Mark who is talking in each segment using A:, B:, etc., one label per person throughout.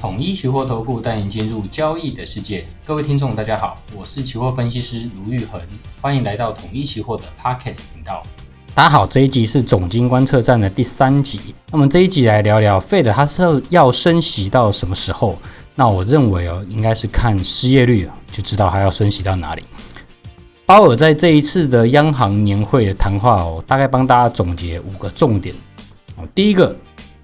A: 統一期貨投顧帶您進入交易的世界。各位聽眾，大家好，我是期貨分析師盧昱衡，歡迎來到統一期貨的 Podcast 頻道。大家好，這一集是總經觀測站的第三集。那麼這一集來聊聊 Fed 它是要升息到什麼時候？那我認為哦，應該是看失業率就知道它要升息到哪裡。鮑爾在這一次的央行年會的談話哦，我大概幫大家總結五個重點。第一個。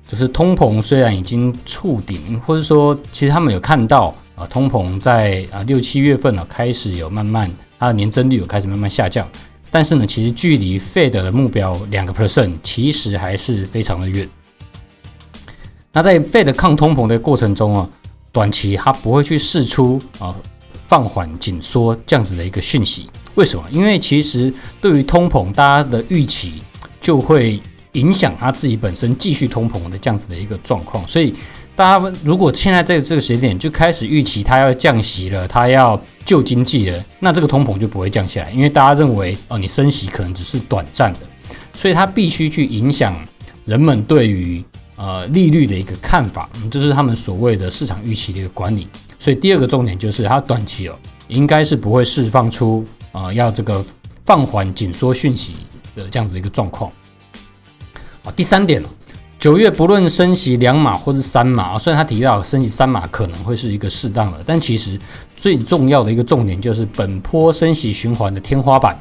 A: 就是通膨雖然已經觸頂，或者說其實他們有看到啊，通膨在啊六七月份呢、啊、開始有慢慢它的、啊、年增率有開始慢慢下降，但是呢，其實距離 Fed 的目標兩個 percent 其實還是非常的遠。那在 Fed 抗通膨的過程中啊，短期它不會去釋出啊放緩緊縮這樣子的一個訊息，為什麼？因為其實對於通膨大家的預期就會影響他自己本身繼續通膨的這樣子的一個狀況，所以大家如果現在在這個這個時間點就開始預期他要降息了，他要救經濟了，那這個通膨就不會降下來，因為大家認為哦，你升息可能只是短暫的，所以它必須去影響人們對於呃利率的一個看法，這是他們所謂的市場預期的一個管理。所以第二個重點就是它短期哦應該是不會釋放出呃要這個放緩緊縮訊息的這樣子的一個狀況。啊，第三點，九月不論升息兩碼或是三碼，雖然他提到升息三碼可能會是一個適當的，但其實最重要的一個重點就是本波升息循環的天花板，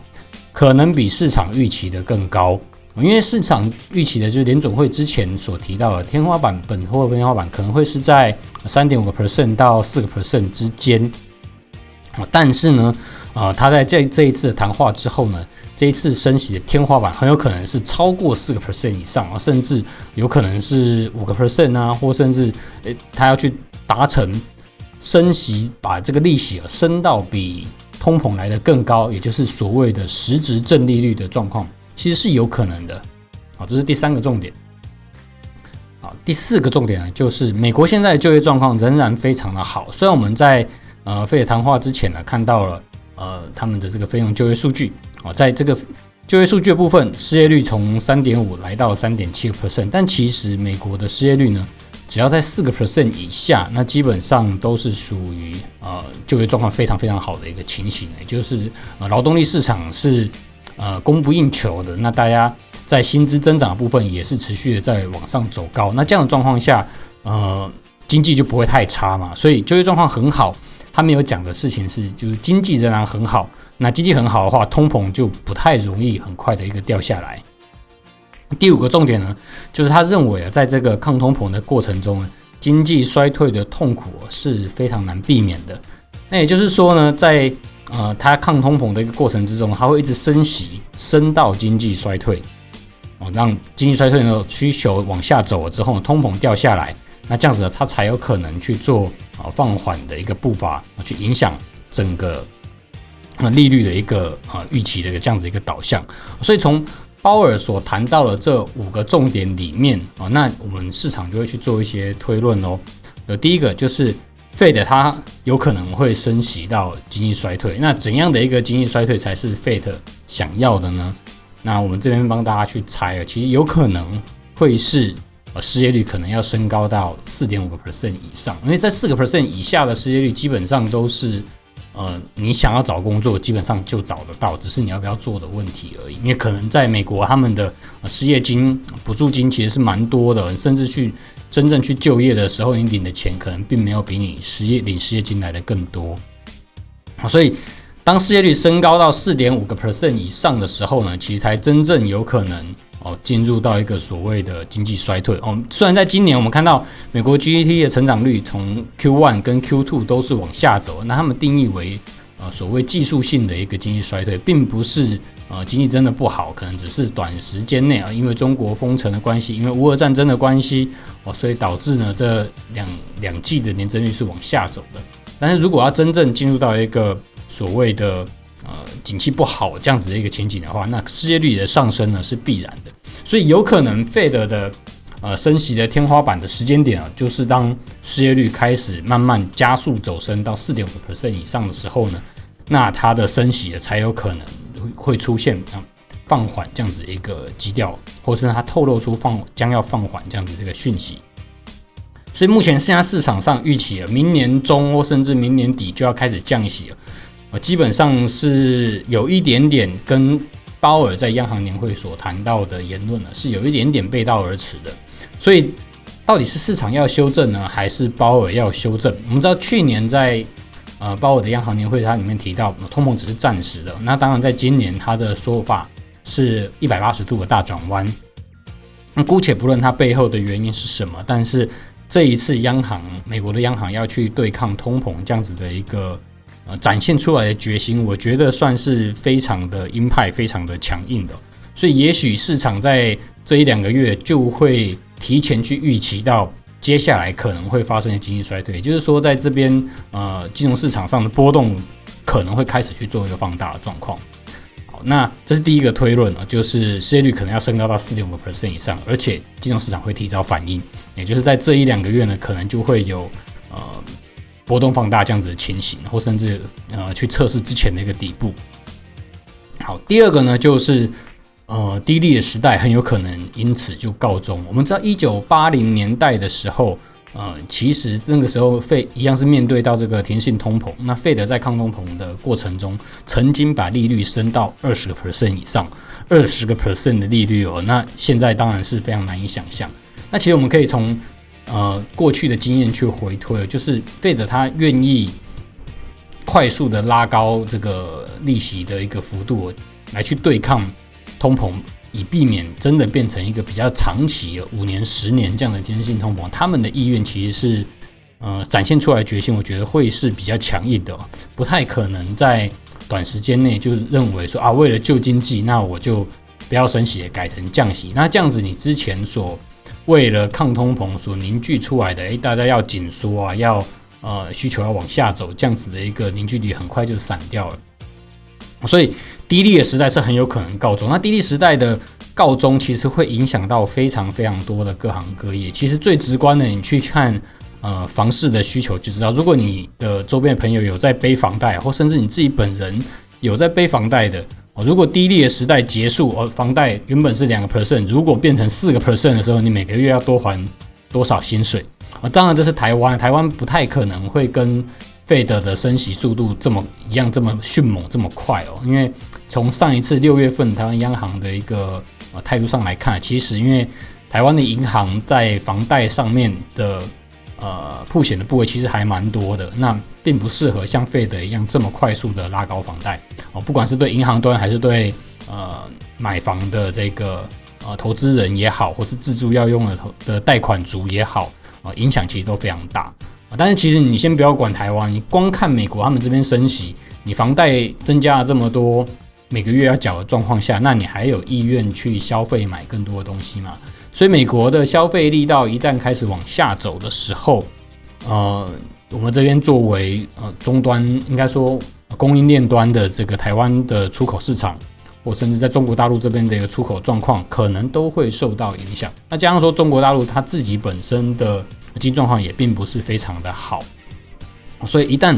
A: 可能比市場預期的更高。因為市場預期的就是聯準會之前所提到的天花板，本波的天花板可能會是在三點五個 percent 到四個 percent 之間。但是呢，啊、呃，他在這這一次的談話之後呢，這一次升息的天花板很有可能是超過四個 percent 以上啊，甚至有可能是五個 percent 啊，或甚至誒、欸，他要去達成升息，把這個利息、啊、升到比通膨來得更高，也就是所謂的實質正利率的狀況，其實是有可能的。啊，這是第三個重點。啊，第四個重點呢，就是美國現在的就業狀況仍然非常的好，雖然我們在。呃，Fed 談話之前呢，看到了呃他們的這個非農就業數據啊、呃，在這個就業數據的部分，失業率從三點五來到三點七個 percent，但其實美國的失業率呢，只要在四個 percent 以下，那基本上都是屬於呃就業狀況非常非常好的一個情形，也就是呃，勞動力市場是呃供不應求的，那大家在薪資增長的部分也是持續的在往上走高，那這樣的狀況下，呃經濟就不會太差嘛，所以就業狀況很好。他沒有講的事情是，就是經濟仍然很好。那經濟很好的話，通膨就不太容易很快的一個掉下來。第五個重點呢，就是他認為啊，在這個抗通膨的過程中，經濟衰退的痛苦是非常難避免的。那也就是說呢，在呃他抗通膨的一個過程之中，他會一直升息，升到經濟衰退，哦，讓經濟衰退的需求往下走了之後，通膨掉下來。那這樣子呢，他才有可能去做啊放緩的一個步伐，去影響整個啊利率的一個啊預期的一個這樣子一個導向。所以從鮑爾所談到的這五個重點裡面啊，那我們市場就會去做一些推論哦。呃，第一個就是 FED 它有可能會升息到經濟衰退。那怎樣的一個經濟衰退才是 FED 想要的呢？那我們這邊幫大家去猜啊，其實有可能會是。呃，失業率可能要升高到四點五個 percent 以上，因為在四個 percent 以下的失業率，基本上都是，呃，你想要找工作，基本上就找得到，只是你要不要做的問題而已。因為可能在美國，他們的失業金補助金其實是蠻多的，甚至去真正去就業的時候，你領的錢可能並沒有比你失業領失業金來得更多。所以，當失業率升高到四點五個 percent 以上的時候呢，其實才真正有可能。哦，進入到一個所謂的經濟衰退。哦，雖然在今年我們看到美國 GDP 的成長率從 Q1 跟 Q2 都是往下走，那他們定義為所謂技術性的一個經濟衰退，並不是呃經濟真的不好，可能只是短時間內啊，因為中國封城的關係，因為烏俄戰爭的關係，哦，所以導致呢這兩兩季的年增率是往下走的。但是如果要真正進入到一個所謂的呃景氣不好這樣子的一個前景的話，那失業率的上升呢是必然的。所以有可能 Fed 的呃升息的天花板的時間點啊，就是當失業率開始慢慢加速走升到四點五 percent 以上的時候呢，那它的升息才有可能會出現啊放緩這樣子一個基調，或是它透露出放將要放緩這樣子這個訊息。所以目前現在市場上預期啊，明年中或甚至明年底就要開始降息了，呃，基本上是有一點點跟。鮑爾在央行年會所談到的言論呢，是有一點點背道而馳的，所以到底是市場要修正呢，還是鮑爾要修正？我們知道去年在呃鮑爾的央行年會，它裡面提到通膨只是暫時的，那當然在今年他的說法是一百八十度的大轉彎。那姑且不論它背後的原因是什麼，但是這一次央行，美國的央行要去對抗通膨這樣子的一個。呃，展現出來的決心，我覺得算是非常的鷹派，非常的強硬的。所以，也許市場在這一兩個月就會提前去預期到接下來可能會發生的經濟衰退，也就是說，在這邊呃，金融市場上的波動可能會開始去做一個放大的狀況。好，那這是第一個推論啊，就是失業率可能要升高到四點五個 percent 以上，而且金融市場會提早反應，也就是在這一兩個月呢，可能就會有呃。波動放大這樣子的情形，或甚至呃去測試之前的一個底部。好，第二個呢，就是呃低利的時代很有可能因此就告終。我們知道一九八零年代的時候，呃，其實那個時候費一樣是面對到這個停滯性通膨，那費德在抗通膨的過程中，曾經把利率升到二十個 percent 以上，二十個 percent 的利率哦，那現在當然是非常難以想象那其實我們可以從呃，過去的經驗去回推，就是為了他願意快速的拉高這個利息的一個幅度，來去對抗通膨，以避免真的變成一個比較長期的五年、十年這樣的天性通膨。他們的意願其實是，呃，展現出來決心，我覺得會是比較強硬的，不太可能在短時間內就是認為說啊，為了救經濟，那我就不要升息，改成降息。那這樣子，你之前所。為了抗通膨所凝聚出來的，哎，大家要緊縮啊，要呃需求要往下走，這樣子的一個凝聚力很快就散掉了。所以低利的時代是很有可能告終。那低利時代的告終，其實會影響到非常非常多的各行各業。其實最直觀的，你去看呃房市的需求就知道。如果你的周邊的朋友有在背房貸，或甚至你自己本人有在背房貸的。如果低利的時代結束，而房貸原本是兩個 percent，如果變成四個 percent 的時候，你每個月要多還多少薪水？當然這是台灣，台灣不太可能會跟 Fed 的升息速度這麼一樣這麼迅猛這麼快哦，因為從上一次六月份台灣央行的一個呃態度上來看，其實因為台灣的銀行在房貸上面的。呃，曝險的部位其實還蠻多的，那並不適合像 Fed 一樣這麼快速的拉高房貸哦。不管是對銀行端，還是對呃買房的這個呃投資人也好，或是自住要用的的貸款族也好，啊、哦，影響其實都非常大。但是其實你先不要管台灣，你光看美國他們這邊升息，你房貸增加了這麼多，每個月要繳的狀況下，那你還有意願去消費買更多的東西嗎？所以，美國的消費力道一旦開始往下走的時候，呃，我們這邊作為呃終端，應該說供應鏈端的這個台灣的出口市場，或甚至在中國大陸這邊的一個出口狀況，可能都會受到影響。那加上說，中國大陸它自己本身的經濟狀況也並不是非常的好，所以一旦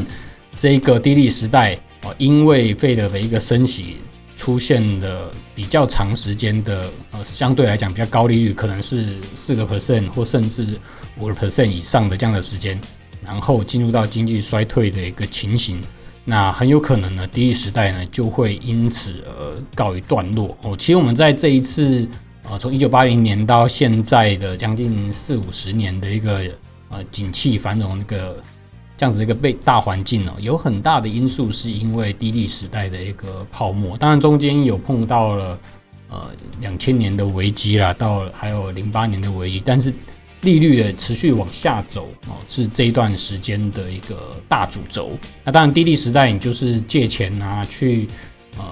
A: 這個低利時代啊，因為費德的一個升息。出現的比較長時間的，呃，相對來講比較高利率，可能是四個 percent 或甚至五個 percent 以上的這樣的時間，然後進入到經濟衰退的一個情形，那很有可能呢，低利率時代呢就會因此而告一段落。哦，其實我們在這一次，呃，從一九八零年到現在的將近四五十年的一個呃景氣繁榮那個。這樣子一個被大環境哦，有很大的因素是因為低利時代的一個泡沫，當然中間有碰到了呃兩千年的危機啦，到還有零八年的危機，但是利率的持續往下走，呃，是這一段時間的一個大主軸。那當然低利時代你就是借錢啊去呃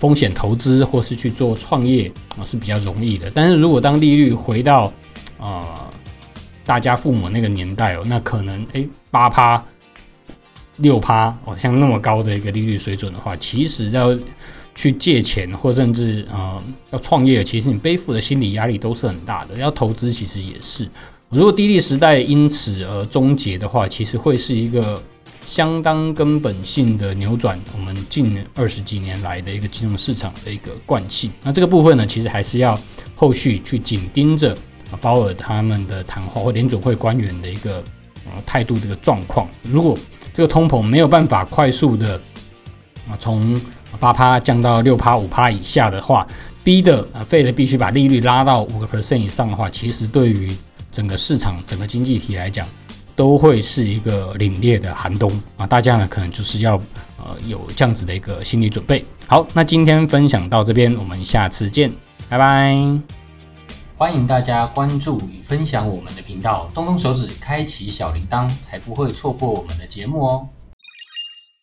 A: 風險投資或是去做創業啊，呃，是比較容易的，但是如果當利率回到啊。呃大家父母那個年代哦，那可能哎八趴、六趴哦，像那麼高的一個利率水準的話，其實要去借錢或甚至呃要創業，其實你背負的心理壓力都是很大的。要投資其實也是，如果低利時代因此而終結的話，其實會是一個相當根本性的扭轉我們近二十幾年來的一個金融市場的一個慣性。那這個部分呢，其實還是要後續去緊盯着。鮑爾他們的談話或聯準會官員的一個態度這個狀況，如果這個通膨沒有辦法快速的從八趴降到六趴五趴以下的話，逼得啊 Fed 必須把利率拉到五個 percent 以上的話，其實對於整個市場整個經濟體來講，都會是一個凛冽的寒冬啊！大家呢可能就是要呃有這樣子的一個心理準備。好，那今天分享到這邊，我們下次見，拜拜。歡迎大家關注與分享我們的頻道，動動手指，開啟小鈴鐺，才不會錯過我們的節目哦。